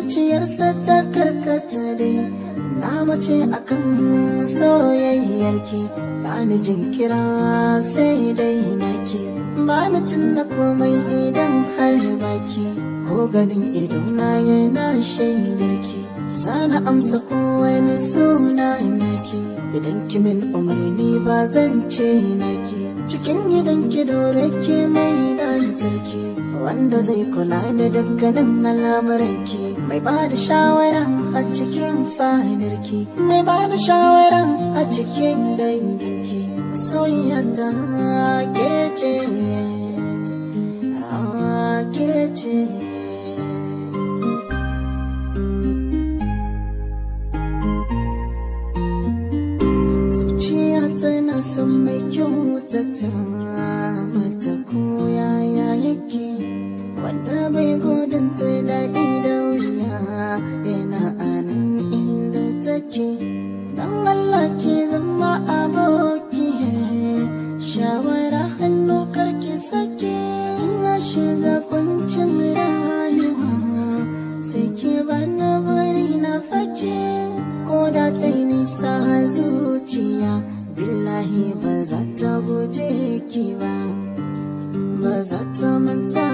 zuciyarsa ta karkata ne na mace akan soyayyarki ba ni jinkira sai dai naki ba ni tunna komai idan har baki ko ganin ido idona yana shaidarki sana amsa kowani suna naki idan kimin umarni ba zan ce naki cikin gidan ki dole ki mai da sarki wanda zai kula da dukkanin al'amuranki mai ba da shawara a cikin fadarki mai ba da shawara a cikin danginki soyayyata ke ce ke ce zuciya tana son mai kyau ta sake na shiga kwancin rayuwa sai ke bana bari na fake ko da ta yi nisa zuciya billahi ba za ta guje ki ba ba za ta manta